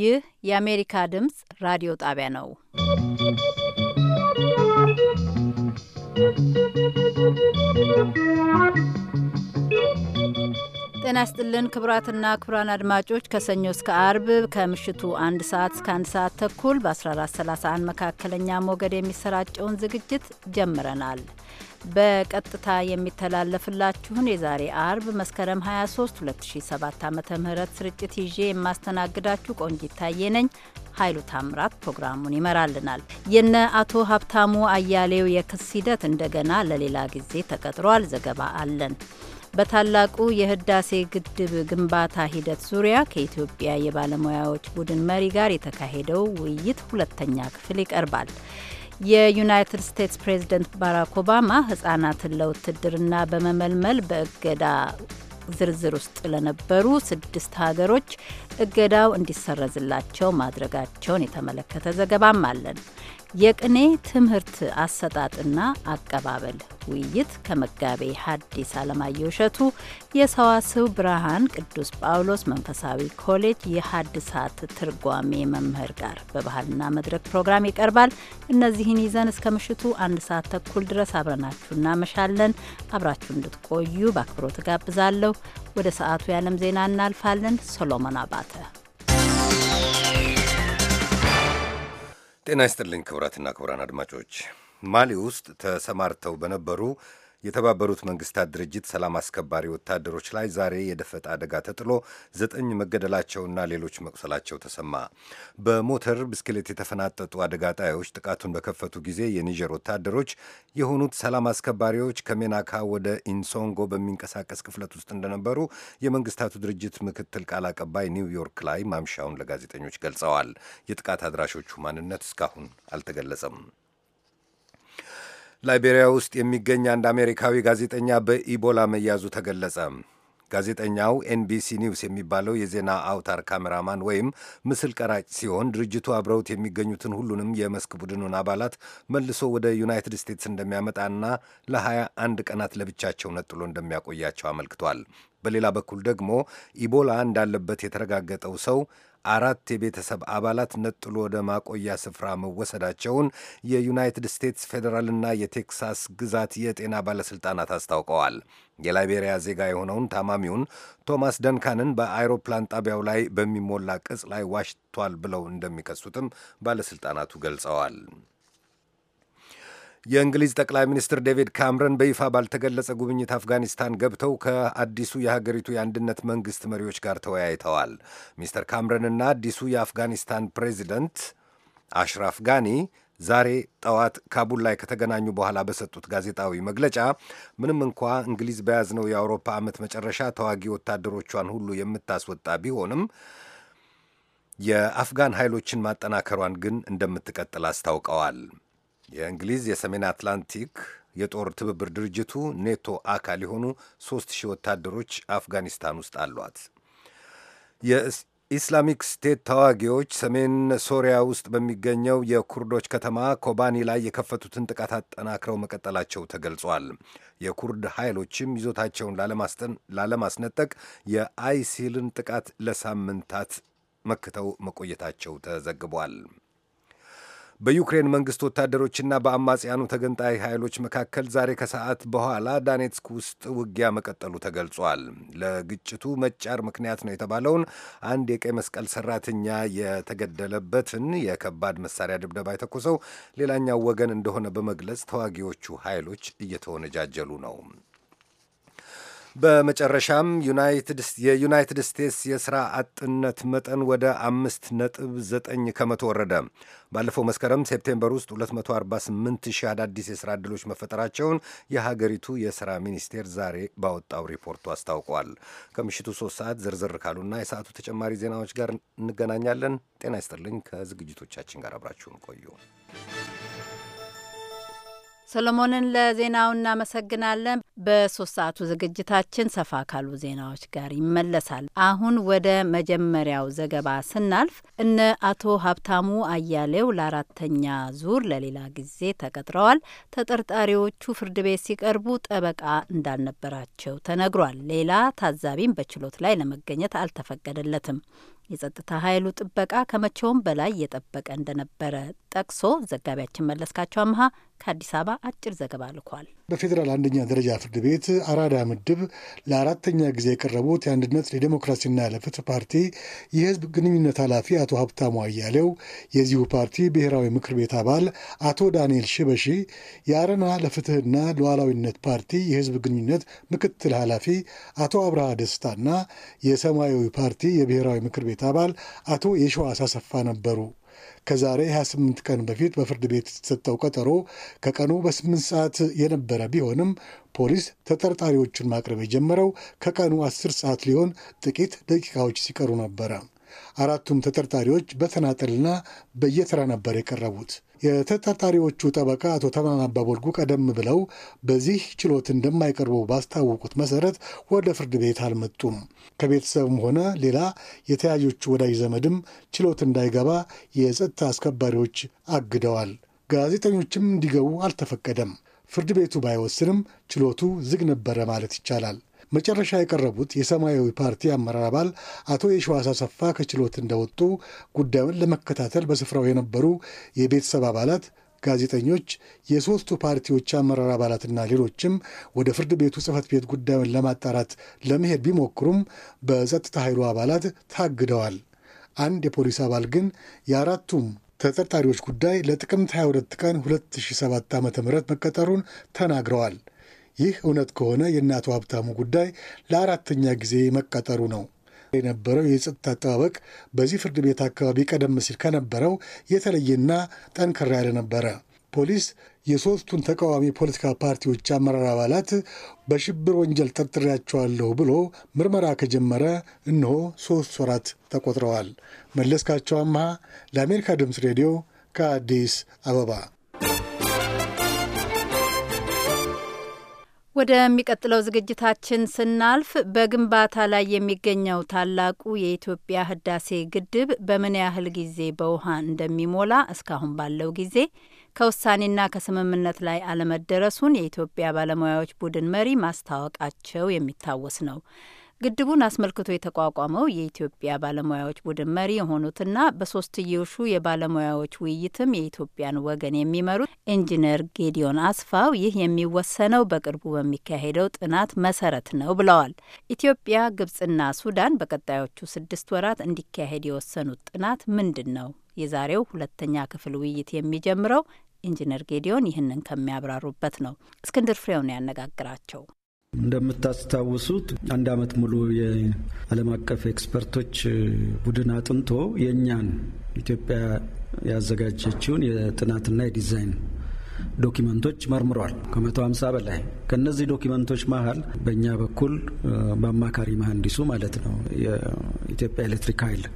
ይህ የአሜሪካ ድምፅ ራዲዮ ጣቢያ ነው። ጤና ስጥልን ክቡራትና ክቡራን አድማጮች ከሰኞ እስከ አርብ ከምሽቱ አንድ ሰዓት እስከ አንድ ሰዓት ተኩል በ1431 መካከለኛ ሞገድ የሚሰራጨውን ዝግጅት ጀምረናል። በቀጥታ የሚተላለፍላችሁን የዛሬ አርብ መስከረም 23 2007 ዓ ም ስርጭት ይዤ የማስተናግዳችሁ ቆንጂት ታዬ ነኝ። ኃይሉ ታምራት ፕሮግራሙን ይመራልናል። የነ አቶ ሀብታሙ አያሌው የክስ ሂደት እንደገና ለሌላ ጊዜ ተቀጥሯል። ዘገባ አለን። በታላቁ የህዳሴ ግድብ ግንባታ ሂደት ዙሪያ ከኢትዮጵያ የባለሙያዎች ቡድን መሪ ጋር የተካሄደው ውይይት ሁለተኛ ክፍል ይቀርባል። የዩናይትድ ስቴትስ ፕሬዝደንት ባራክ ኦባማ ህጻናትን ለውትድርና በመመልመል በእገዳ ዝርዝር ውስጥ ለነበሩ ስድስት ሀገሮች እገዳው እንዲሰረዝላቸው ማድረጋቸውን የተመለከተ ዘገባም አለን። የቅኔ ትምህርት አሰጣጥና አቀባበል ውይይት ከመጋቤ ሐዲስ አለማየሁ እሸቱ የሰዋስው ብርሃን ቅዱስ ጳውሎስ መንፈሳዊ ኮሌጅ የሐድሳት ትርጓሜ መምህር ጋር በባህልና መድረክ ፕሮግራም ይቀርባል። እነዚህን ይዘን እስከ ምሽቱ አንድ ሰዓት ተኩል ድረስ አብረናችሁ እናመሻለን። አብራችሁ እንድትቆዩ በአክብሮት ጋብዛለሁ። ወደ ሰዓቱ የዓለም ዜና እናልፋለን። ሶሎሞን አባተ ጤና ይስጥልኝ ክቡራትና ክቡራን አድማጮች ማሊ ውስጥ ተሰማርተው በነበሩ የተባበሩት መንግስታት ድርጅት ሰላም አስከባሪ ወታደሮች ላይ ዛሬ የደፈጣ አደጋ ተጥሎ ዘጠኝ መገደላቸውና ሌሎች መቁሰላቸው ተሰማ። በሞተር ብስክሌት የተፈናጠጡ አደጋ ጣዮች ጥቃቱን በከፈቱ ጊዜ የኒጀር ወታደሮች የሆኑት ሰላም አስከባሪዎች ከሜናካ ወደ ኢንሶንጎ በሚንቀሳቀስ ክፍለት ውስጥ እንደነበሩ የመንግስታቱ ድርጅት ምክትል ቃል አቀባይ ኒውዮርክ ላይ ማምሻውን ለጋዜጠኞች ገልጸዋል። የጥቃት አድራሾቹ ማንነት እስካሁን አልተገለጸም። ላይቤሪያ ውስጥ የሚገኝ አንድ አሜሪካዊ ጋዜጠኛ በኢቦላ መያዙ ተገለጸ። ጋዜጠኛው ኤንቢሲ ኒውስ የሚባለው የዜና አውታር ካሜራማን ወይም ምስል ቀራጭ ሲሆን ድርጅቱ አብረውት የሚገኙትን ሁሉንም የመስክ ቡድኑን አባላት መልሶ ወደ ዩናይትድ ስቴትስ እንደሚያመጣና ለሀያ አንድ ቀናት ለብቻቸው ነጥሎ እንደሚያቆያቸው አመልክቷል። በሌላ በኩል ደግሞ ኢቦላ እንዳለበት የተረጋገጠው ሰው አራት የቤተሰብ አባላት ነጥሎ ወደ ማቆያ ስፍራ መወሰዳቸውን የዩናይትድ ስቴትስ ፌዴራልና የቴክሳስ ግዛት የጤና ባለሥልጣናት አስታውቀዋል። የላይቤሪያ ዜጋ የሆነውን ታማሚውን ቶማስ ደንካንን በአይሮፕላን ጣቢያው ላይ በሚሞላ ቅጽ ላይ ዋሽቷል ብለው እንደሚከሱትም ባለሥልጣናቱ ገልጸዋል። የእንግሊዝ ጠቅላይ ሚኒስትር ዴቪድ ካምረን በይፋ ባልተገለጸ ጉብኝት አፍጋኒስታን ገብተው ከአዲሱ የሀገሪቱ የአንድነት መንግስት መሪዎች ጋር ተወያይተዋል። ሚስተር ካምረንና አዲሱ የአፍጋኒስታን ፕሬዚደንት አሽራፍ ጋኒ ዛሬ ጠዋት ካቡል ላይ ከተገናኙ በኋላ በሰጡት ጋዜጣዊ መግለጫ ምንም እንኳ እንግሊዝ በያዝነው የአውሮፓ ዓመት መጨረሻ ተዋጊ ወታደሮቿን ሁሉ የምታስወጣ ቢሆንም የአፍጋን ኃይሎችን ማጠናከሯን ግን እንደምትቀጥል አስታውቀዋል። የእንግሊዝ የሰሜን አትላንቲክ የጦር ትብብር ድርጅቱ ኔቶ አካል የሆኑ ሦስት ሺህ ወታደሮች አፍጋኒስታን ውስጥ አሏት። የኢስላሚክ ስቴት ተዋጊዎች ሰሜን ሶሪያ ውስጥ በሚገኘው የኩርዶች ከተማ ኮባኒ ላይ የከፈቱትን ጥቃት አጠናክረው መቀጠላቸው ተገልጿል። የኩርድ ኃይሎችም ይዞታቸውን ላለማስነጠቅ የአይሲልን ጥቃት ለሳምንታት መክተው መቆየታቸው ተዘግቧል። በዩክሬን መንግስት ወታደሮችና በአማጽያኑ ተገንጣይ ኃይሎች መካከል ዛሬ ከሰዓት በኋላ ዳኔትስክ ውስጥ ውጊያ መቀጠሉ ተገልጿል። ለግጭቱ መጫር ምክንያት ነው የተባለውን አንድ የቀይ መስቀል ሰራተኛ የተገደለበትን የከባድ መሳሪያ ድብደባ የተኮሰው ሌላኛው ወገን እንደሆነ በመግለጽ ተዋጊዎቹ ኃይሎች እየተወነጃጀሉ ነው። በመጨረሻም የዩናይትድ ስቴትስ የሥራ አጥነት መጠን ወደ አምስት ነጥብ ዘጠኝ ከመቶ ወረደ። ባለፈው መስከረም ሴፕቴምበር ውስጥ 248 ሺህ አዳዲስ የሥራ ዕድሎች መፈጠራቸውን የሀገሪቱ የሥራ ሚኒስቴር ዛሬ ባወጣው ሪፖርቱ አስታውቋል። ከምሽቱ ሶስት ሰዓት ዝርዝር ካሉና የሰዓቱ ተጨማሪ ዜናዎች ጋር እንገናኛለን። ጤና ይስጥልኝ። ከዝግጅቶቻችን ጋር አብራችሁን ቆዩ። ሰሎሞንን ለዜናው እናመሰግናለን። በሶስት ሰዓቱ ዝግጅታችን ሰፋ ካሉ ዜናዎች ጋር ይመለሳል። አሁን ወደ መጀመሪያው ዘገባ ስናልፍ እነ አቶ ሀብታሙ አያሌው ለአራተኛ ዙር ለሌላ ጊዜ ተቀጥረዋል። ተጠርጣሪዎቹ ፍርድ ቤት ሲቀርቡ ጠበቃ እንዳልነበራቸው ተነግሯል። ሌላ ታዛቢም በችሎት ላይ ለመገኘት አልተፈቀደለትም። የጸጥታ ኃይሉ ጥበቃ ከመቼውም በላይ እየጠበቀ እንደነበረ ጠቅሶ ዘጋቢያችን መለስካቸው አምሀ ከአዲስ አበባ አጭር ዘገባ ልኳል። በፌዴራል አንደኛ ደረጃ ፍርድ ቤት አራዳ ምድብ ለአራተኛ ጊዜ የቀረቡት የአንድነት ለዲሞክራሲና ለፍትህ ፓርቲ የህዝብ ግንኙነት ኃላፊ አቶ ሀብታሙ አያሌው፣ የዚሁ ፓርቲ ብሔራዊ ምክር ቤት አባል አቶ ዳንኤል ሽበሺ፣ የአረና ለፍትህና ለዋላዊነት ፓርቲ የህዝብ ግንኙነት ምክትል ኃላፊ አቶ አብርሃ ደስታና የሰማያዊ ፓርቲ የብሔራዊ ምክር ቤት አባል አቶ የሸዋስ አሰፋ ነበሩ። ከዛሬ 28 ቀን በፊት በፍርድ ቤት የተሰጠው ቀጠሮ ከቀኑ በ8 ሰዓት የነበረ ቢሆንም ፖሊስ ተጠርጣሪዎቹን ማቅረብ የጀመረው ከቀኑ 10 ሰዓት ሊሆን ጥቂት ደቂቃዎች ሲቀሩ ነበረ። አራቱም ተጠርጣሪዎች በተናጠልና በየተራ ነበር የቀረቡት። የተጠርጣሪዎቹ ጠበቃ አቶ ተማም አባቦልጉ ቀደም ብለው በዚህ ችሎት እንደማይቀርቡ ባስታወቁት መሰረት ወደ ፍርድ ቤት አልመጡም። ከቤተሰብም ሆነ ሌላ የተያዦቹ ወዳጅ ዘመድም ችሎት እንዳይገባ የጸጥታ አስከባሪዎች አግደዋል። ጋዜጠኞችም እንዲገቡ አልተፈቀደም። ፍርድ ቤቱ ባይወስንም ችሎቱ ዝግ ነበረ ማለት ይቻላል። መጨረሻ የቀረቡት የሰማያዊ ፓርቲ አመራር አባል አቶ የሸዋስ አሰፋ ከችሎት እንደወጡ ጉዳዩን ለመከታተል በስፍራው የነበሩ የቤተሰብ አባላት፣ ጋዜጠኞች፣ የሦስቱ ፓርቲዎች አመራር አባላትና ሌሎችም ወደ ፍርድ ቤቱ ጽፈት ቤት ጉዳዩን ለማጣራት ለመሄድ ቢሞክሩም በጸጥታ ኃይሉ አባላት ታግደዋል። አንድ የፖሊስ አባል ግን የአራቱም ተጠርጣሪዎች ጉዳይ ለጥቅምት 22 ቀን 2007 ዓ ም መቀጠሩን ተናግረዋል። ይህ እውነት ከሆነ የእናቱ ሀብታሙ ጉዳይ ለአራተኛ ጊዜ መቀጠሩ ነው። የነበረው የጸጥታ አጠባበቅ በዚህ ፍርድ ቤት አካባቢ ቀደም ሲል ከነበረው የተለየና ጠንከር ያለ ነበረ። ፖሊስ የሦስቱን ተቃዋሚ ፖለቲካ ፓርቲዎች አመራር አባላት በሽብር ወንጀል ጠርጥሬያቸዋለሁ ብሎ ምርመራ ከጀመረ እነሆ ሦስት ወራት ተቆጥረዋል። መለስካቸው አምሃ ለአሜሪካ ድምፅ ሬዲዮ ከአዲስ አበባ ወደሚቀጥለው ዝግጅታችን ስናልፍ በግንባታ ላይ የሚገኘው ታላቁ የኢትዮጵያ ህዳሴ ግድብ በምን ያህል ጊዜ በውሃ እንደሚሞላ እስካሁን ባለው ጊዜ ከውሳኔና ከስምምነት ላይ አለመደረሱን የኢትዮጵያ ባለሙያዎች ቡድን መሪ ማስታወቃቸው የሚታወስ ነው። ግድቡን አስመልክቶ የተቋቋመው የኢትዮጵያ ባለሙያዎች ቡድን መሪ የሆኑትና በሶስትዮሹ የባለሙያዎች ውይይትም የኢትዮጵያን ወገን የሚመሩት ኢንጂነር ጌዲዮን አስፋው ይህ የሚወሰነው በቅርቡ በሚካሄደው ጥናት መሰረት ነው ብለዋል። ኢትዮጵያ፣ ግብጽና ሱዳን በቀጣዮቹ ስድስት ወራት እንዲካሄድ የወሰኑት ጥናት ምንድን ነው? የዛሬው ሁለተኛ ክፍል ውይይት የሚጀምረው ኢንጂነር ጌዲዮን ይህንን ከሚያብራሩበት ነው። እስክንድር ፍሬውን ያነጋግራቸው እንደምታስታውሱት አንድ ዓመት ሙሉ የዓለም አቀፍ ኤክስፐርቶች ቡድን አጥንቶ የእኛን ኢትዮጵያ ያዘጋጀችውን የጥናትና የዲዛይን ዶኪመንቶች መርምሯል። ከመቶ ሃምሳ በላይ ከእነዚህ ዶኪመንቶች መሀል በእኛ በኩል በአማካሪ መሐንዲሱ ማለት ነው የኢትዮጵያ ኤሌክትሪክ ኃይል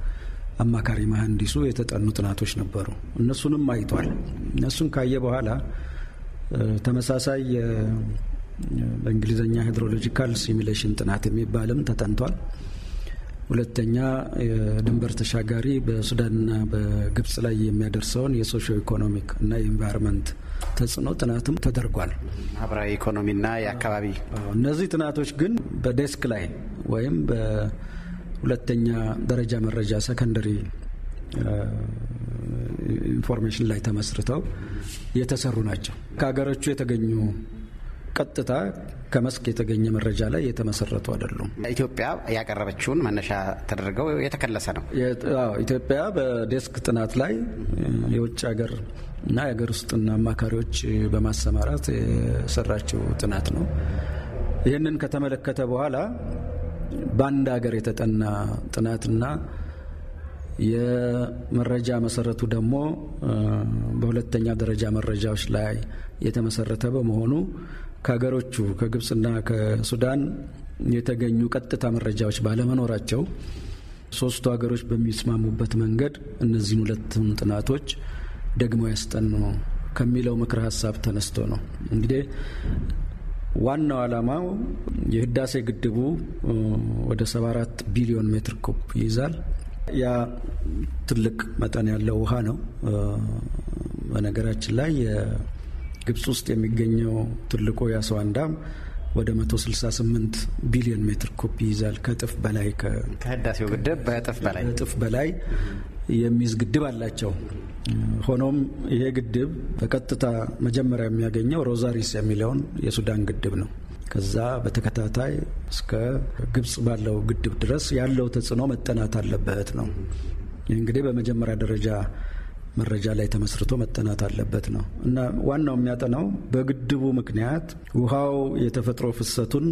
አማካሪ መሐንዲሱ የተጠኑ ጥናቶች ነበሩ። እነሱንም አይቷል። እነሱን ካየ በኋላ ተመሳሳይ በእንግሊዝኛ ሃይድሮሎጂካል ሲሚሌሽን ጥናት የሚባልም ተጠንቷል። ሁለተኛ የድንበር ተሻጋሪ በሱዳንና በግብጽ ላይ የሚያደርሰውን የሶሽ ኢኮኖሚክ እና የኤንቫይሮንመንት ተጽዕኖ ጥናትም ተደርጓል። ማህበራዊ ኢኮኖሚና የአካባቢ እነዚህ ጥናቶች ግን በዴስክ ላይ ወይም በሁለተኛ ደረጃ መረጃ ሰከንደሪ ኢንፎርሜሽን uh, ላይ ተመስርተው የተሰሩ ናቸው። ከሀገሮቹ የተገኙ ቀጥታ ከመስክ የተገኘ መረጃ ላይ የተመሰረቱ አይደሉም። ኢትዮጵያ ያቀረበችውን መነሻ ተደርገው የተከለሰ ነው። ኢትዮጵያ በዴስክ ጥናት ላይ የውጭ ሀገር እና የሀገር ውስጥና አማካሪዎች በማሰማራት የሰራችው ጥናት ነው። ይህንን ከተመለከተ በኋላ በአንድ ሀገር የተጠና ጥናትና የመረጃ መሰረቱ ደግሞ በሁለተኛ ደረጃ መረጃዎች ላይ የተመሰረተ በመሆኑ ከሀገሮቹ ከግብፅና ከሱዳን የተገኙ ቀጥታ መረጃዎች ባለመኖራቸው ሶስቱ ሀገሮች በሚስማሙበት መንገድ እነዚህን ሁለቱን ጥናቶች ደግሞ ያስጠኑ ከሚለው ምክረ ሀሳብ ተነስቶ ነው እንግዲህ ዋናው ዓላማው የህዳሴ ግድቡ ወደ 74 ቢሊዮን ሜትር ኩብ ይይዛል። ያ ትልቅ መጠን ያለው ውሃ ነው። በነገራችን ላይ ግብፅ ውስጥ የሚገኘው ትልቁ የአስዋን ዳም ወደ 168 ቢሊዮን ሜትር ኩብ ይይዛል። ከእጥፍ በላይ ከህዳሴው ግድብ በእጥፍ በላይ እጥፍ በላይ የሚይዝ ግድብ አላቸው። ሆኖም ይሄ ግድብ በቀጥታ መጀመሪያ የሚያገኘው ሮዛሪስ የሚለውን የሱዳን ግድብ ነው። ከዛ በተከታታይ እስከ ግብፅ ባለው ግድብ ድረስ ያለው ተጽዕኖ መጠናት አለበት ነው። ይህ እንግዲህ በመጀመሪያ ደረጃ መረጃ ላይ ተመስርቶ መጠናት አለበት ነው እና ዋናው የሚያጠናው በግድቡ ምክንያት ውሃው የተፈጥሮ ፍሰቱን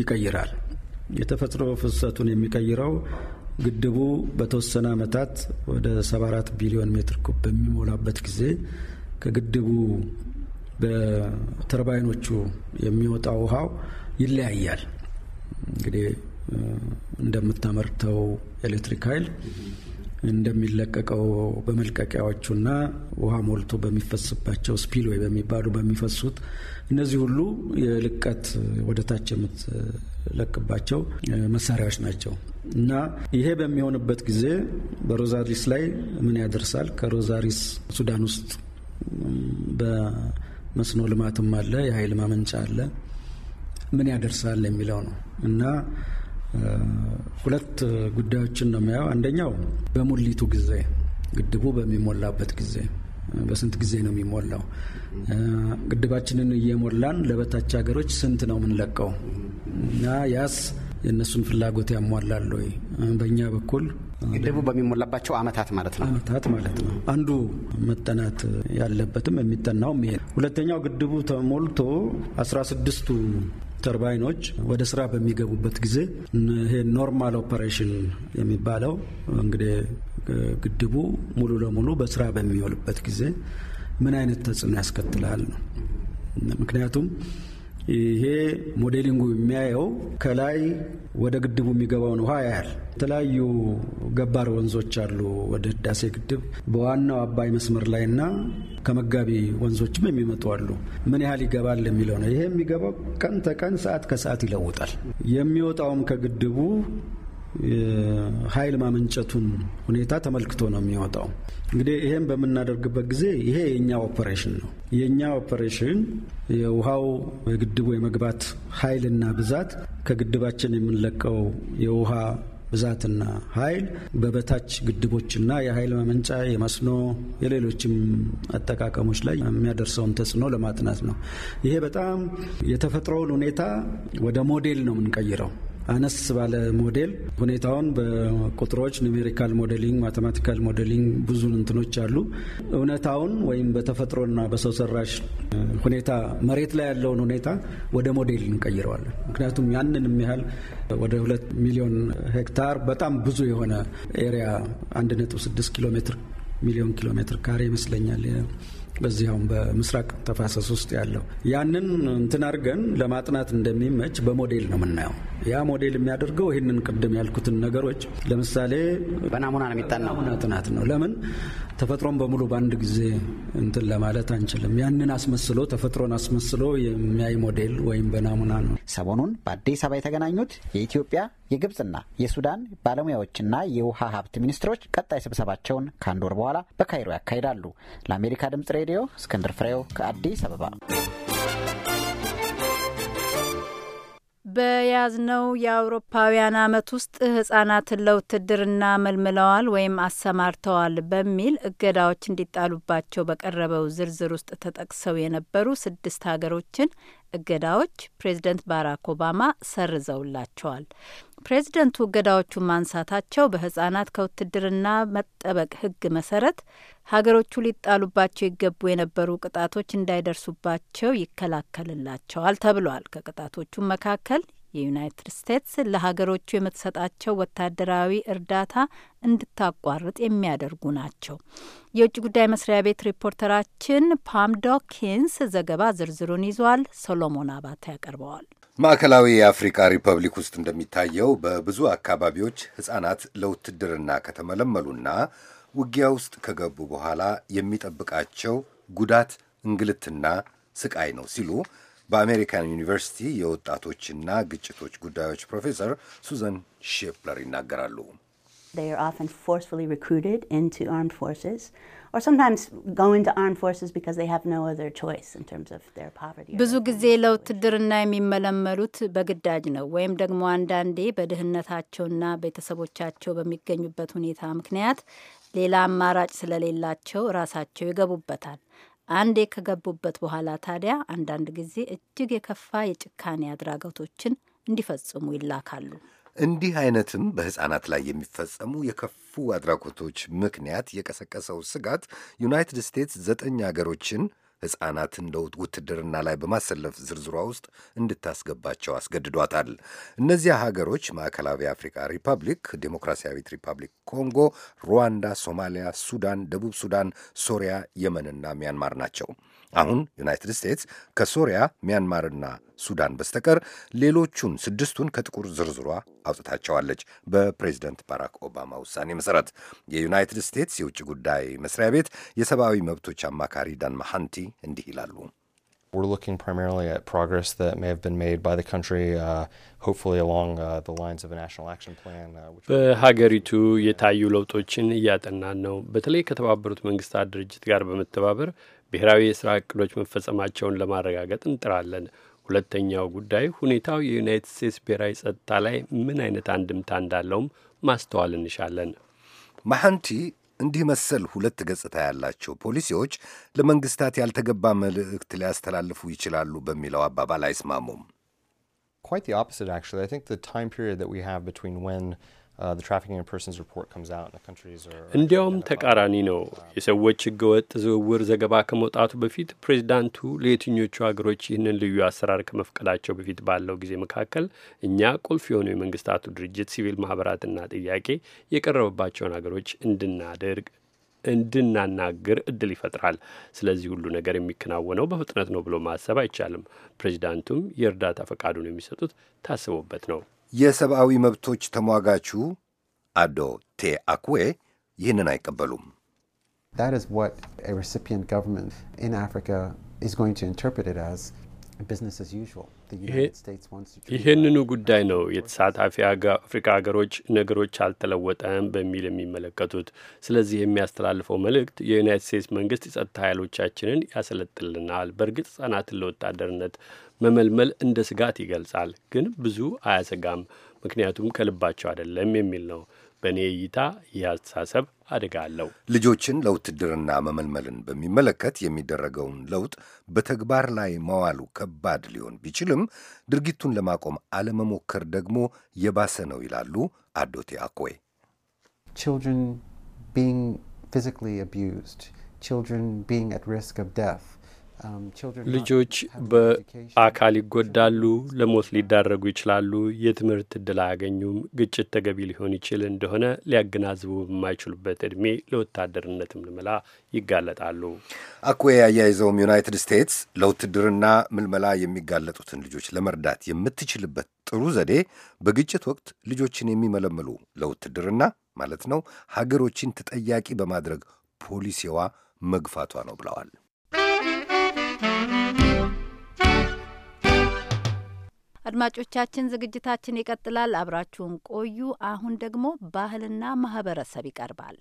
ይቀይራል። የተፈጥሮ ፍሰቱን የሚቀይረው ግድቡ በተወሰነ ዓመታት ወደ 74 ቢሊዮን ሜትር ኩብ በሚሞላበት ጊዜ ከግድቡ በተርባይኖቹ የሚወጣ ውሃው ይለያያል። እንግዲህ እንደምታመርተው ኤሌክትሪክ ኃይል እንደሚለቀቀው በመልቀቂያዎቹና ውሃ ሞልቶ በሚፈስባቸው ወይ በሚባሉ በሚፈሱት እነዚህ ሁሉ የልቀት ወደታች የምትለቅባቸው መሳሪያዎች ናቸው እና ይሄ በሚሆንበት ጊዜ በሮዛሪስ ላይ ምን ያደርሳል? ከሮዛሪስ ሱዳን ውስጥ በመስኖ ልማትም አለ፣ የኃይል ማመንጫ አለ። ምን ያደርሳል የሚለው ነው እና ሁለት ጉዳዮችን ነው የሚያየው። አንደኛው በሙሊቱ ጊዜ ግድቡ በሚሞላበት ጊዜ በስንት ጊዜ ነው የሚሞላው? ግድባችንን እየሞላን ለበታች ሀገሮች ስንት ነው የምንለቀው? ያስ የእነሱን ፍላጎት ያሟላል ወይ? በእኛ በኩል ግድቡ በሚሞላባቸው አመታት ማለት ነው አመታት ማለት ነው። አንዱ መጠናት ያለበትም የሚጠናውም ይሄ። ሁለተኛው ግድቡ ተሞልቶ አስራ ስድስቱ ተርባይኖች ወደ ስራ በሚገቡበት ጊዜ ይሄ ኖርማል ኦፐሬሽን የሚባለው እንግዲህ ግድቡ ሙሉ ለሙሉ በስራ በሚውልበት ጊዜ ምን አይነት ተጽዕኖ ያስከትላል ነው። ምክንያቱም ይሄ ሞዴሊንጉ የሚያየው ከላይ ወደ ግድቡ የሚገባውን ውሃ ያያል። የተለያዩ ገባር ወንዞች አሉ። ወደ ህዳሴ ግድብ በዋናው አባይ መስመር ላይ እና ከመጋቢ ወንዞችም የሚመጡ አሉ። ምን ያህል ይገባል የሚለው ነው። ይሄ የሚገባው ቀን ተቀን ሰዓት ከሰዓት ይለውጣል። የሚወጣውም ከግድቡ ኃይል ማመንጨቱን ሁኔታ ተመልክቶ ነው የሚወጣው። እንግዲህ ይህም በምናደርግበት ጊዜ ይሄ የእኛ ኦፐሬሽን ነው። የእኛ ኦፐሬሽን የውሃው የግድቡ የመግባት ኃይልና ብዛት ከግድባችን የምንለቀው የውሃ ብዛትና ኃይል በበታች ግድቦችና የኃይል ማመንጫ የመስኖ የሌሎችም አጠቃቀሞች ላይ የሚያደርሰውን ተጽዕኖ ለማጥናት ነው። ይሄ በጣም የተፈጥሮውን ሁኔታ ወደ ሞዴል ነው የምንቀይረው። አነስ ባለ ሞዴል ሁኔታውን በቁጥሮች ኒሜሪካል ሞዴሊንግ፣ ማቴማቲካል ሞዴሊንግ ብዙ እንትኖች አሉ። እውነታውን ወይም በተፈጥሮና በሰው ሰራሽ ሁኔታ መሬት ላይ ያለውን ሁኔታ ወደ ሞዴል እንቀይረዋለን። ምክንያቱም ያንንም ያህል ወደ ሁለት ሚሊዮን ሄክታር በጣም ብዙ የሆነ ኤሪያ 1.6 ኪሎ ሜትር ሚሊዮን ኪሎ ሜትር ካሬ ይመስለኛል በዚያውም በምስራቅ ተፋሰስ ውስጥ ያለው ያንን እንትን አድርገን ለማጥናት እንደሚመች በሞዴል ነው የምናየው። ያ ሞዴል የሚያደርገው ይህንን ቅድም ያልኩትን ነገሮች ለምሳሌ በናሙና ነው የሚጠናው ጥናት ነው። ለምን ተፈጥሮን በሙሉ በአንድ ጊዜ እንትን ለማለት አንችልም። ያንን አስመስሎ ተፈጥሮን አስመስሎ የሚያይ ሞዴል ወይም በናሙና ነው። ሰሞኑን በአዲስ አበባ የተገናኙት የኢትዮጵያ የግብፅና የሱዳን ባለሙያዎችና የውሃ ሀብት ሚኒስትሮች ቀጣይ ስብሰባቸውን ከአንድ ወር በኋላ በካይሮ ያካሂዳሉ። ለአሜሪካ ድምጽ ሬዲዮ እስክንድር ፍሬው ከአዲስ አበባ። በያዝነው የአውሮፓውያን አመት ውስጥ ህጻናትን ለውትድርና መልምለዋል ወይም አሰማርተዋል በሚል እገዳዎች እንዲጣሉባቸው በቀረበው ዝርዝር ውስጥ ተጠቅሰው የነበሩ ስድስት ሀገሮችን እገዳዎች ፕሬዝደንት ባራክ ኦባማ ሰርዘውላቸዋል። ፕሬዝደንቱ እገዳዎቹን ማንሳታቸው በህጻናት ከውትድርና መጠበቅ ህግ መሰረት ሀገሮቹ ሊጣሉባቸው ይገቡ የነበሩ ቅጣቶች እንዳይደርሱባቸው ይከላከልላቸዋል ተብሏል። ከቅጣቶቹም መካከል የዩናይትድ ስቴትስ ለሀገሮቹ የምትሰጣቸው ወታደራዊ እርዳታ እንድታቋርጥ የሚያደርጉ ናቸው። የውጭ ጉዳይ መስሪያ ቤት ሪፖርተራችን ፓም ዶኪንስ ዘገባ ዝርዝሩን ይዟል። ሶሎሞን አባተ ያቀርበዋል። ማዕከላዊ የአፍሪካ ሪፐብሊክ ውስጥ እንደሚታየው በብዙ አካባቢዎች ሕፃናት ለውትድርና ከተመለመሉና ውጊያ ውስጥ ከገቡ በኋላ የሚጠብቃቸው ጉዳት እንግልትና ስቃይ ነው ሲሉ በአሜሪካን ዩኒቨርሲቲ የወጣቶችና ግጭቶች ጉዳዮች ፕሮፌሰር ሱዘን ሼፕለር ይናገራሉ። ብዙ ጊዜ ለውትድርና የሚመለመሉት በግዳጅ ነው፣ ወይም ደግሞ አንዳንዴ በድህነታቸውና ቤተሰቦቻቸው በሚገኙበት ሁኔታ ምክንያት ሌላ አማራጭ ስለሌላቸው ራሳቸው ይገቡበታል። አንዴ ከገቡበት በኋላ ታዲያ አንዳንድ ጊዜ እጅግ የከፋ የጭካኔ አድራጎቶችን እንዲፈጽሙ ይላካሉ። እንዲህ አይነትም በሕፃናት ላይ የሚፈጸሙ የከፉ አድራጎቶች ምክንያት የቀሰቀሰው ስጋት ዩናይትድ ስቴትስ ዘጠኝ አገሮችን ሕፃናትን ለውትድርና ላይ በማሰለፍ ዝርዝሯ ውስጥ እንድታስገባቸው አስገድዷታል። እነዚያ ሀገሮች ማዕከላዊ አፍሪካ ሪፐብሊክ፣ ዴሞክራሲያዊት ሪፐብሊክ ኮንጎ፣ ሩዋንዳ፣ ሶማሊያ፣ ሱዳን፣ ደቡብ ሱዳን፣ ሶሪያ፣ የመንና ሚያንማር ናቸው። አሁን ዩናይትድ ስቴትስ ከሶሪያ ሚያንማርና ሱዳን በስተቀር ሌሎቹን ስድስቱን ከጥቁር ዝርዝሯ አውጥታቸዋለች። በፕሬዚደንት ባራክ ኦባማ ውሳኔ መሠረት የዩናይትድ ስቴትስ የውጭ ጉዳይ መስሪያ ቤት የሰብአዊ መብቶች አማካሪ ዳን መሐንቲ እንዲህ ይላሉ። uh, uh, uh, በሀገሪቱ የታዩ ለውጦችን እያጠናን ነው። በተለይ ከተባበሩት መንግስታት ድርጅት ጋር በመተባበር ብሔራዊ የስራ እቅዶች መፈጸማቸውን ለማረጋገጥ እንጥራለን። ሁለተኛው ጉዳይ ሁኔታው የዩናይትድ ስቴትስ ብሔራዊ ጸጥታ ላይ ምን አይነት አንድምታ እንዳለውም ማስተዋል እንሻለን። ማሐንቲ እንዲህ መሰል ሁለት ገጽታ ያላቸው ፖሊሲዎች ለመንግስታት ያልተገባ መልእክት ሊያስተላልፉ ይችላሉ በሚለው አባባል አይስማሙም። quite the opposite actually i think the time period that we have between when Uh, እንዲያውም ተቃራኒ ነው። uh, የሰዎች ህገወጥ ዝውውር ዘገባ ከመውጣቱ በፊት ፕሬዚዳንቱ ለየትኞቹ ሀገሮች ይህንን ልዩ አሰራር ከመፍቀዳቸው በፊት ባለው ጊዜ መካከል እኛ ቁልፍ የሆኑ የመንግስታቱ ድርጅት ሲቪል ማህበራትና ጥያቄ የቀረበባቸውን ሀገሮች እንድናደርግ እንድናናግር እድል ይፈጥራል። ስለዚህ ሁሉ ነገር የሚከናወነው በፍጥነት ነው ብሎ ማሰብ አይቻልም። ፕሬዚዳንቱም የእርዳታ ፈቃዱን የሚሰጡት ታስቦበት ነው። የሰብአዊ መብቶች ተሟጋቹ አዶ ቴ አኩዌ ይህንን አይቀበሉም። ይህንኑ ጉዳይ ነው የተሳታፊ አፍሪካ ሀገሮች ነገሮች አልተለወጠም በሚል የሚመለከቱት። ስለዚህ የሚያስተላልፈው መልእክት የዩናይትድ ስቴትስ መንግስት የጸጥታ ኃይሎቻችንን ያሰለጥልናል። በእርግጥ ህጻናትን ለወታደርነት መመልመል እንደ ስጋት ይገልጻል፣ ግን ብዙ አያሰጋም፣ ምክንያቱም ከልባቸው አይደለም የሚል ነው። በእኔ እይታ ይህ አስተሳሰብ አደጋ አለው። ልጆችን ለውትድርና መመልመልን በሚመለከት የሚደረገውን ለውጥ በተግባር ላይ መዋሉ ከባድ ሊሆን ቢችልም ድርጊቱን ለማቆም አለመሞከር ደግሞ የባሰ ነው ይላሉ አዶቴ አኮይ። children ቢንግ ፊዚካሊ abused, children ቢንግ አት ሪስክ ኦፍ death Um, ልጆች በአካል ይጎዳሉ፣ ለሞት ሊዳረጉ ይችላሉ፣ የትምህርት እድል አያገኙም፣ ግጭት ተገቢ ሊሆን ይችል እንደሆነ ሊያገናዝቡ በማይችሉበት እድሜ ለወታደርነትም ምልመላ ይጋለጣሉ። አኩዌ አያይዘውም ዩናይትድ ስቴትስ ለውትድርና ምልመላ የሚጋለጡትን ልጆች ለመርዳት የምትችልበት ጥሩ ዘዴ በግጭት ወቅት ልጆችን የሚመለምሉ ለውትድርና ማለት ነው ሀገሮችን ተጠያቂ በማድረግ ፖሊሲዋ መግፋቷ ነው ብለዋል። አድማጮቻችን፣ ዝግጅታችን ይቀጥላል። አብራችሁን ቆዩ። አሁን ደግሞ ባህልና ማህበረሰብ ይቀርባል።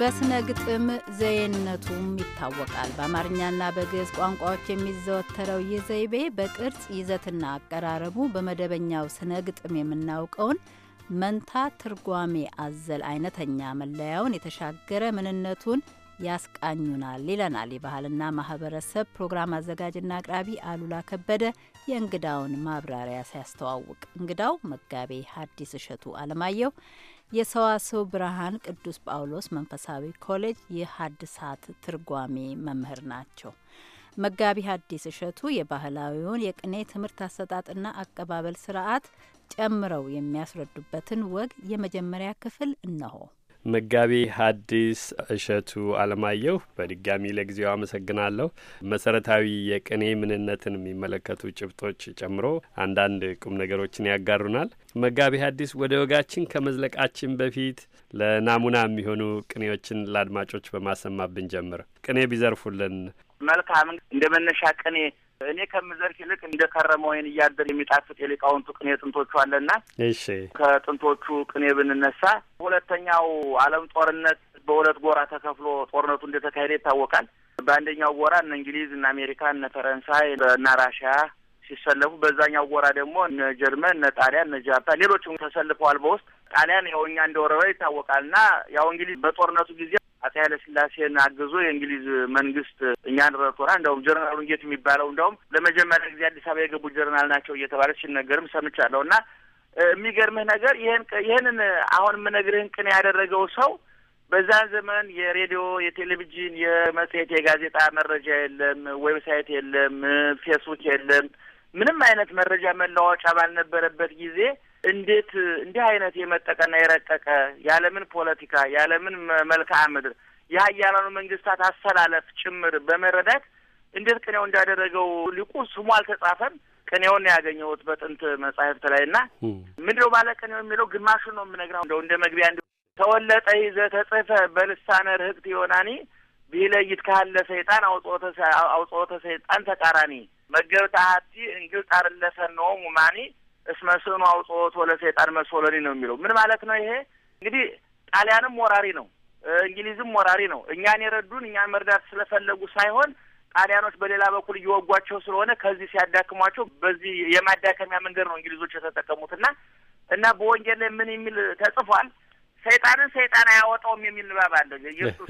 በስነ ግጥም ዘይነቱም ይታወቃል። በአማርኛና በግዕዝ ቋንቋዎች የሚዘወተረው ይህ ዘይቤ በቅርጽ ይዘትና አቀራረቡ በመደበኛው ስነ ግጥም የምናውቀውን መንታ ትርጓሜ አዘል አይነተኛ መለያውን የተሻገረ ምንነቱን ያስቃኙናል ይለናል የባህልና ማህበረሰብ ፕሮግራም አዘጋጅና አቅራቢ አሉላ ከበደ የእንግዳውን ማብራሪያ ሲያስተዋውቅ እንግዳው መጋቤ ሐዲስ እሸቱ አለማየሁ የሰዋሰው ብርሃን ቅዱስ ጳውሎስ መንፈሳዊ ኮሌጅ የሐድሳት ትርጓሜ መምህር ናቸው። መጋቢ ሐዲስ እሸቱ የባህላዊውን የቅኔ ትምህርት አሰጣጥና አቀባበል ስርዓት ጨምረው የሚያስረዱበትን ወግ የመጀመሪያ ክፍል እነሆ። መጋቢ ሐዲስ እሸቱ አለማየሁ በድጋሚ ለጊዜው አመሰግናለሁ። መሰረታዊ የቅኔ ምንነትን የሚመለከቱ ጭብጦች ጨምሮ አንዳንድ ቁም ነገሮችን ያጋሩናል። መጋቢ ሐዲስ ወደ ወጋችን ከመዝለቃችን በፊት ለናሙና የሚሆኑ ቅኔዎችን ለአድማጮች በማሰማት ብንጀምር። ቅኔ ቢዘርፉልን መልካም እንደ መነሻ ቅኔ እኔ ከምዘርፍ ይልቅ እንደ ከረመ ወይን እያደር የሚጣፍጥ የሊቃውንቱ ቅኔ ጥንቶቹ አለና እሺ፣ ከጥንቶቹ ቅኔ ብንነሳ ሁለተኛው ዓለም ጦርነት በሁለት ጎራ ተከፍሎ ጦርነቱ እንደተካሄደ ይታወቃል። በአንደኛው ጎራ እነ እንግሊዝ፣ እነ አሜሪካ፣ እነ ፈረንሳይ እና ራሽያ ሲሰለፉ፣ በዛኛው ጎራ ደግሞ እነ ጀርመን፣ እነ ጣሊያን፣ እነ ጃፓን ሌሎችም ተሰልፈዋል። በውስጥ ጣሊያን ያው እኛ እንደወረረ ይታወቃል እና ያው እንግሊዝ በጦርነቱ ጊዜ አቶ ኃይለ ስላሴን አግዞ የእንግሊዝ መንግስት እኛን ረድቶና እንደውም ጀነራሉ እንጌት የሚባለው እንደውም ለመጀመሪያ ጊዜ አዲስ አበባ የገቡ ጀነራል ናቸው እየተባለ ሲነገርም ሰምቻለሁ። እና የሚገርምህ ነገር ይህን ይህንን አሁን የምነግርህን ቅን ያደረገው ሰው በዛ ዘመን የሬዲዮ፣ የቴሌቪዥን፣ የመጽሔት፣ የጋዜጣ መረጃ የለም፣ ዌብሳይት የለም፣ ፌስቡክ የለም፣ ምንም አይነት መረጃ መለዋወጫ ባልነበረበት ጊዜ እንዴት እንዲህ አይነት የመጠቀና የረቀቀ ያለምን ፖለቲካ ያለምን መልክዓ ምድር የሀያላኑ መንግስታት አሰላለፍ ጭምር በመረዳት እንዴት ቅኔው እንዳደረገው ሊቁ ስሙ አልተጻፈም። ቅኔውን ያገኘሁት በጥንት መጻሕፍት ላይ እና ምንድነው ባለ ቅኔው የሚለው ግማሹን ነው የምነግረው። እንደው እንደ መግቢያ እንዲ ተወለጠ ይዘ ተጽፈ በልሳነ ርህቅት ዮናኒ ቢለይት ካለ ሰይጣን አውጽኦተ ሰይጣን ተቃራኒ መገብት አሐቲ እንግል ጣርለሰ ነው ሙማኒ እስመ ስዕኑ አውጥኦት ወለሰይጣን መሶለኒ ነው የሚለው። ምን ማለት ነው ይሄ? እንግዲህ ጣሊያንም ወራሪ ነው፣ እንግሊዝም ወራሪ ነው። እኛን የረዱን እኛን መርዳት ስለፈለጉ ሳይሆን ጣሊያኖች በሌላ በኩል እየወጓቸው ስለሆነ ከዚህ ሲያዳክሟቸው በዚህ የማዳከሚያ መንገድ ነው እንግሊዞች የተጠቀሙት እና እና በወንጌል ላይ ምን የሚል ተጽፏል? ሰይጣንን ሰይጣን አያወጣውም የሚል ንባብ አለ። ኢየሱስ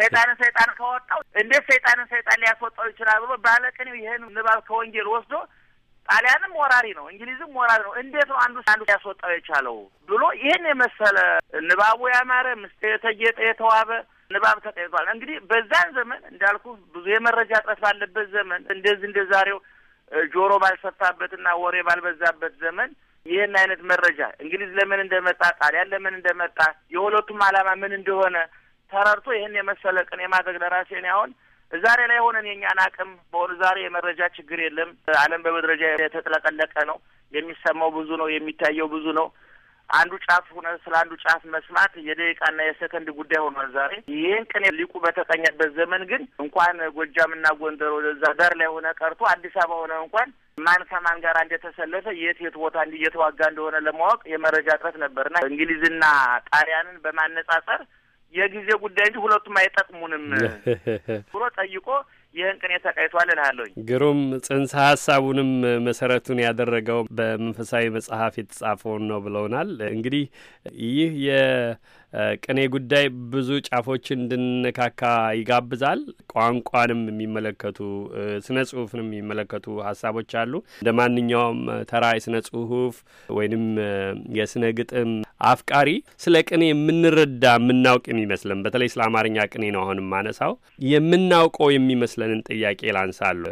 ሰይጣንን ሰይጣን ካወጣው እንዴት ሰይጣንን ሰይጣን ሊያስወጣው ይችላል ብሎ ባለቅኔው ይህን ንባብ ከወንጌል ወስዶ ጣሊያንም ወራሪ ነው፣ እንግሊዝም ወራሪ ነው። እንዴት ነው አንዱ አንዱ ያስወጣው የቻለው ብሎ ይህን የመሰለ ንባቡ ያማረ ምስ የተጌጠ የተዋበ ንባብ ተጠይቷል። እንግዲህ በዛን ዘመን እንዳልኩ ብዙ የመረጃ እጥረት ባለበት ዘመን እንደዚህ እንደ ዛሬው ጆሮ ባልሰፋበትና ወሬ ባልበዛበት ዘመን ይህን አይነት መረጃ እንግሊዝ ለምን እንደመጣ ጣሊያን ለምን እንደመጣ የሁለቱም ዓላማ ምን እንደሆነ ተረድቶ ይህን የመሰለ ቅን የማድረግ ለራሴን አሁን ዛሬ ላይ ሆነን የእኛን አቅም በሆኑ ዛሬ የመረጃ ችግር የለም። ዓለም በመረጃ የተጥለቀለቀ ነው። የሚሰማው ብዙ ነው። የሚታየው ብዙ ነው። አንዱ ጫፍ ሆነ ስለ አንዱ ጫፍ መስማት የደቂቃና የሰከንድ ጉዳይ ሆኗል ዛሬ። ይህን ቅኔ ሊቁ በተቀኘበት ዘመን ግን እንኳን ጎጃምና ጎንደር ወደዛ ዳር ላይ ሆነ ቀርቶ አዲስ አበባ ሆነ እንኳን ማን ከማን ጋር እንደተሰለፈ የት የት ቦታ እየተዋጋ እንደሆነ ለማወቅ የመረጃ እጥረት ነበርና እንግሊዝና ጣሊያንን በማነጻጸር የጊዜ ጉዳይ እንጂ ሁለቱም አይጠቅሙንም ብሎ ጠይቆ ይህን ቅኔ ተቃይቷል እልሃለሁኝ። ግሩም ጽንሰ ሀሳቡንም መሰረቱን ያደረገው በመንፈሳዊ መጽሐፍ የተጻፈውን ነው ብለውናል። እንግዲህ ይህ ቅኔ ጉዳይ ብዙ ጫፎችን እንድንካካ ይጋብዛል። ቋንቋንም የሚመለከቱ ስነ ጽሁፍንም የሚመለከቱ ሀሳቦች አሉ። እንደ ማንኛውም ተራ የስነ ጽሁፍ ወይንም የስነ ግጥም አፍቃሪ ስለ ቅኔ የምንረዳ የምናውቅ የሚመስለን በተለይ ስለ አማርኛ ቅኔ ነው አሁን ማነሳው የምናውቀው የሚመስለንን ጥያቄ ላንሳሉ።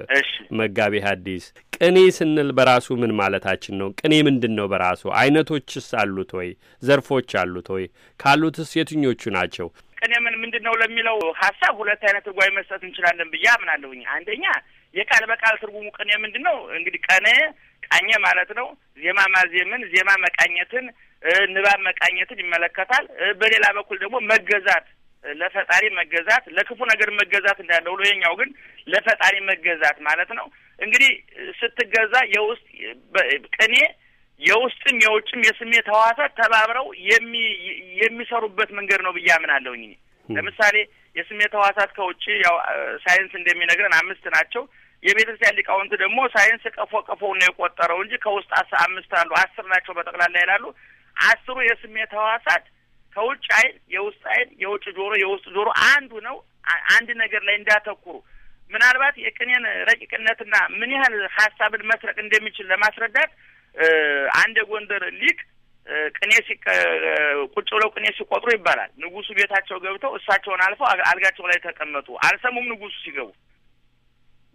መጋቤ ሐዲስ ቅኔ ስንል በራሱ ምን ማለታችን ነው? ቅኔ ምንድን ነው በራሱ? አይነቶችስ አሉት ወይ? ዘርፎች አሉት ወይ? ካሉትስ የትኞቹ ናቸው? ቅኔ ምን ምንድን ነው ለሚለው ሀሳብ ሁለት አይነት ትርጓሜ መስጠት እንችላለን ብዬ አምናለሁኝ። አንደኛ የቃል በቃል ትርጉሙ ቅኔ ምንድን ነው? እንግዲህ ቀኔ ቃኘ ማለት ነው። ዜማ ማዜምን፣ ዜማ መቃኘትን፣ ንባብ መቃኘትን ይመለከታል። በሌላ በኩል ደግሞ መገዛት ለፈጣሪ መገዛት ለክፉ ነገር መገዛት እንዳለ ሁሉ ግን ለፈጣሪ መገዛት ማለት ነው። እንግዲህ ስትገዛ የውስጥ ቅኔ የውስጥም የውጭም የስሜት ህዋሳት ተባብረው የሚሰሩበት መንገድ ነው ብዬ አምናለሁ። እኔ ለምሳሌ የስሜት ህዋሳት ከውጭ ያው ሳይንስ እንደሚነግረን አምስት ናቸው። የቤተክርስቲያን ሊቃውንት ደግሞ ሳይንስ ቀፎ ቀፎ ነው የቆጠረው እንጂ ከውስጥ አምስት አሉ አስር ናቸው በጠቅላላ ይላሉ። አስሩ የስሜት ህዋሳት ከውጭ አይን፣ የውስጥ አይን፣ የውጭ ጆሮ፣ የውስጥ ጆሮ አንዱ ነው። አንድ ነገር ላይ እንዳተኩሩ ምናልባት የቅኔን ረቂቅነትና ምን ያህል ሀሳብን መስረቅ እንደሚችል ለማስረዳት አንድ የጎንደር ሊቅ ቅኔ ቁጭ ብለው ቅኔ ሲቆጥሩ ይባላል። ንጉሱ ቤታቸው ገብተው እሳቸውን አልፈው አልጋቸው ላይ ተቀመጡ። አልሰሙም ንጉሱ ሲገቡ።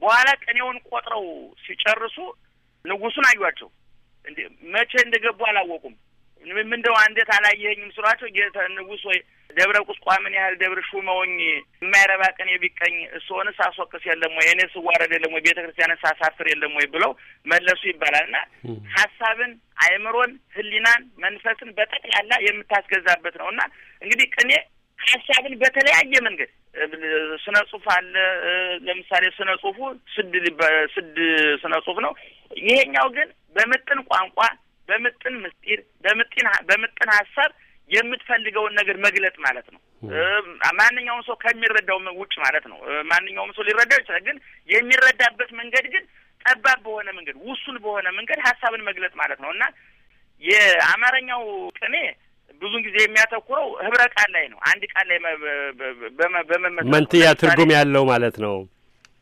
በኋላ ቅኔውን ቆጥረው ሲጨርሱ ንጉሱን አዩቸው። መቼ እንደገቡ አላወቁም። ምንደው እንዴት አላየኸኝም ስሏቸው ጌታ ንጉስ ወይ ደብረ ቁስቋምን ያህል ደብር ሹመውኝ የማይረባ ቀን የቢቀኝ እሶን ሳስወቅስ የለም ወይ እኔ ስዋረድ የለም ወይ ቤተ ክርስቲያንን ሳሳፍር የለም ወይ ብለው መለሱ ይባላል እና ሀሳብን፣ አእምሮን፣ ህሊናን፣ መንፈስን በጠቅላላ የምታስገዛበት ነው እና እንግዲህ ቅኔ ሀሳብን በተለያየ መንገድ ስነ ጽሁፍ አለ። ለምሳሌ ስነ ጽሁፉ ስድ ስድ ስነ ጽሁፍ ነው። ይሄኛው ግን በምጥን ቋንቋ፣ በምጥን ምስጢር፣ በምጥን በምጥን ሀሳብ የምትፈልገውን ነገር መግለጥ ማለት ነው። ማንኛውም ሰው ከሚረዳው ውጭ ማለት ነው። ማንኛውም ሰው ሊረዳው ይችላል። ግን የሚረዳበት መንገድ ግን ጠባብ በሆነ መንገድ፣ ውሱን በሆነ መንገድ ሀሳብን መግለጥ ማለት ነው እና የአማርኛው ቅኔ ብዙን ጊዜ የሚያተኩረው ህብረ ቃል ላይ ነው። አንድ ቃል ላይ በመመ መንትያ ትርጉም ያለው ማለት ነው።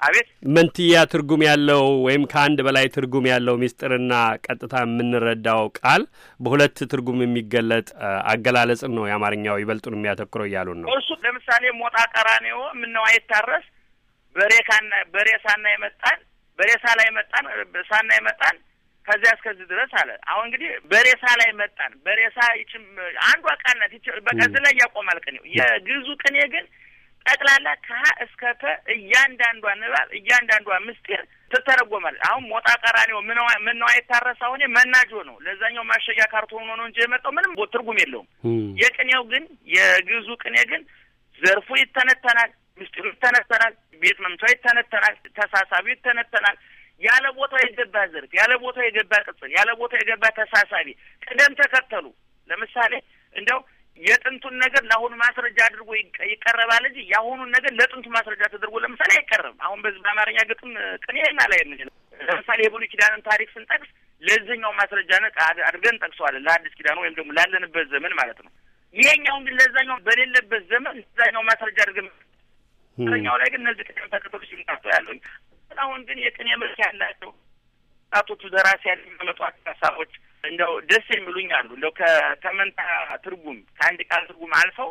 አቤት መንትያ ትርጉም ያለው ወይም ከአንድ በላይ ትርጉም ያለው ሚስጥርና ቀጥታ የምንረዳው ቃል በሁለት ትርጉም የሚገለጥ አገላለጽን ነው የአማርኛው ይበልጡን የሚያተኩረው እያሉን ነው። እርሱ ለምሳሌ ሞጣ ቀራኔዎ ምነው አይታረስ በሬ ካና በሬ ሳና የመጣን በሬሳ ላይ መጣን ሳና የመጣን ከዚያ እስከዚህ ድረስ አለ። አሁን እንግዲህ በሬሳ ላይ መጣን በሬሳ ይችም አንዷ ቃል ናት። በቀዝ ላይ ያቆማል ቅኔው የግዙ ቅኔ ግን ጠቅላላ ከሀ እስከ ተ እያንዳንዷ ንባብ እያንዳንዷ ምስጢር ትተረጎማል። አሁን ሞጣ ቀራኔው ምነው የታረሰ አሁን መናጆ ነው። ለዛኛው ማሸጊያ ካርቶን ሆኖ እንጂ የመጣው ምንም ትርጉም የለውም። የቅኔው ግን የግዙ ቅኔ ግን ዘርፉ ይተነተናል፣ ምስጢሩ ይተነተናል፣ ቤት መምቻው ይተነተናል፣ ተሳሳቢ ይተነተናል። ያለ ቦታ የገባ ዘርፍ፣ ያለ ቦታ የገባ ቅጽል፣ ያለ ቦታ የገባ ተሳሳቢ ቅደም ተከተሉ ለምሳሌ እንደው የጥንቱን ነገር ለአሁኑ ማስረጃ አድርጎ ይቀረባል እንጂ የአሁኑን ነገር ለጥንቱ ማስረጃ ተደርጎ ለምሳሌ አይቀርም። አሁን በዚህ በአማርኛ ግጥም ቅኔ ና ላይ የምንችል ለምሳሌ የብሉይ ኪዳንን ታሪክ ስንጠቅስ ለዚህኛው ማስረጃ አድርገን ጠቅሰዋለን፣ ለአዲስ ኪዳን ወይም ደግሞ ላለንበት ዘመን ማለት ነው። ይሄኛውን ግን ለዛኛው በሌለበት ዘመን ለዛኛው ማስረጃ አድርገን ኛው ላይ ግን እነዚህ ቅደም ተከተሎች ሲምታቶ ያለኝ አሁን ግን የቅኔ መልክ ያላቸው ጣቶቹ ደራሲ ያለ የሚመጡ ሀሳቦች እንደው ደስ የሚሉኝ አሉ። እንደው ከተመንታ ትርጉም ከአንድ ቃል ትርጉም አልፈው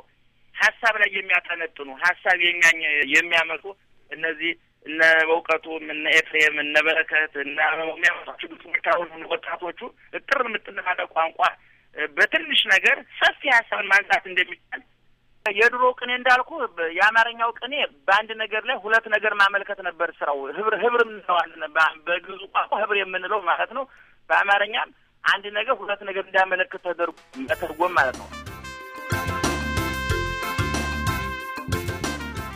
ሀሳብ ላይ የሚያጠነጥኑ ሀሳብ የሚያኝ የሚያመጡ እነዚህ እነ በውቀቱም እነ ኤፍሬም እነ በረከት እነ የሚያመጧቸው ትምህርታሁን ወጣቶቹ እጥር ምጥን ባለ ቋንቋ በትንሽ ነገር ሰፊ ሀሳብን ማንሳት እንደሚቻል የድሮ ቅኔ እንዳልኩ የአማርኛው ቅኔ በአንድ ነገር ላይ ሁለት ነገር ማመልከት ነበር ስራው። ህብር ህብር እንለዋለን በግዙ ቋንቋ ህብር የምንለው ማለት ነው። በአማርኛም አንድ ነገር ሁለት ነገር እንዳመለክት ተደርጎ መተርጎም ማለት ነው።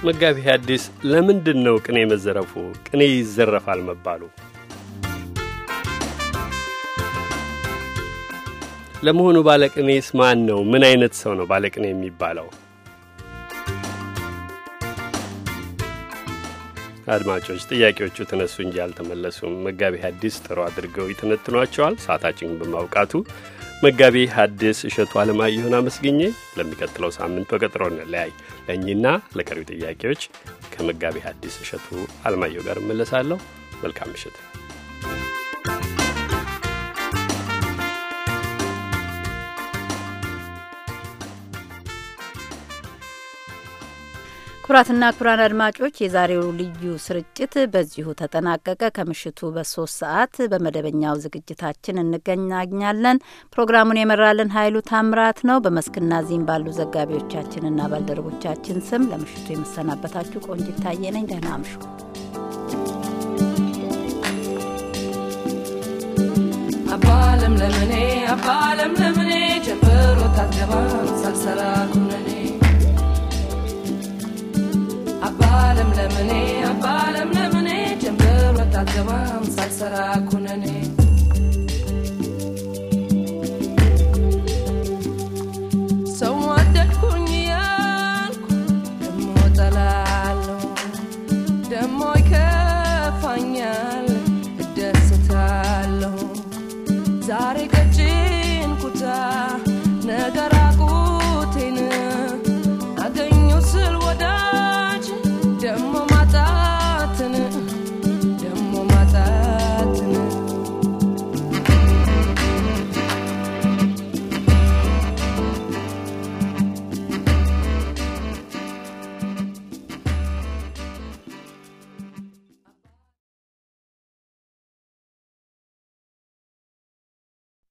መጋቢ አዲስ ለምንድን ነው ቅኔ መዘረፉ? ቅኔ ይዘረፋል መባሉ ለመሆኑ ባለቅኔስ ማን ነው? ምን አይነት ሰው ነው ባለቅኔ የሚባለው? አድማጮች ጥያቄዎቹ ተነሱ እንጂ አልተመለሱም። መጋቢ ሐዲስ ጥሩ አድርገው ይተነትኗቸዋል። ሰዓታችን በማውቃቱ መጋቢ ሐዲስ እሸቱ አለማየሁን አመስግኜ ለሚቀጥለው ሳምንት በቀጠሮ እንለያይ። ለእኚህና ለቀሪው ጥያቄዎች ከመጋቢ ሐዲስ እሸቱ አለማየሁ ጋር እመለሳለሁ። መልካም ምሽት። ክቡራትና ክቡራን አድማጮች የዛሬው ልዩ ስርጭት በዚሁ ተጠናቀቀ። ከምሽቱ በሶስት ሰዓት በመደበኛው ዝግጅታችን እንገናኛለን። ፕሮግራሙን የመራልን ኃይሉ ታምራት ነው። በመስክና ዚህም ባሉ ዘጋቢዎቻችንና ባልደረቦቻችን ስም ለምሽቱ የምሰናበታችሁ ቆንጅ ታየ ነኝ። ደህና አምሹ። አባለም ለምኔ አባለም ለምኔ ጀበሮ ታገባ ሳልሰራ አባለም ለምኔ አባለም ለምኔ ጀምር ወታገባም ሳልሰራ ኩነኔ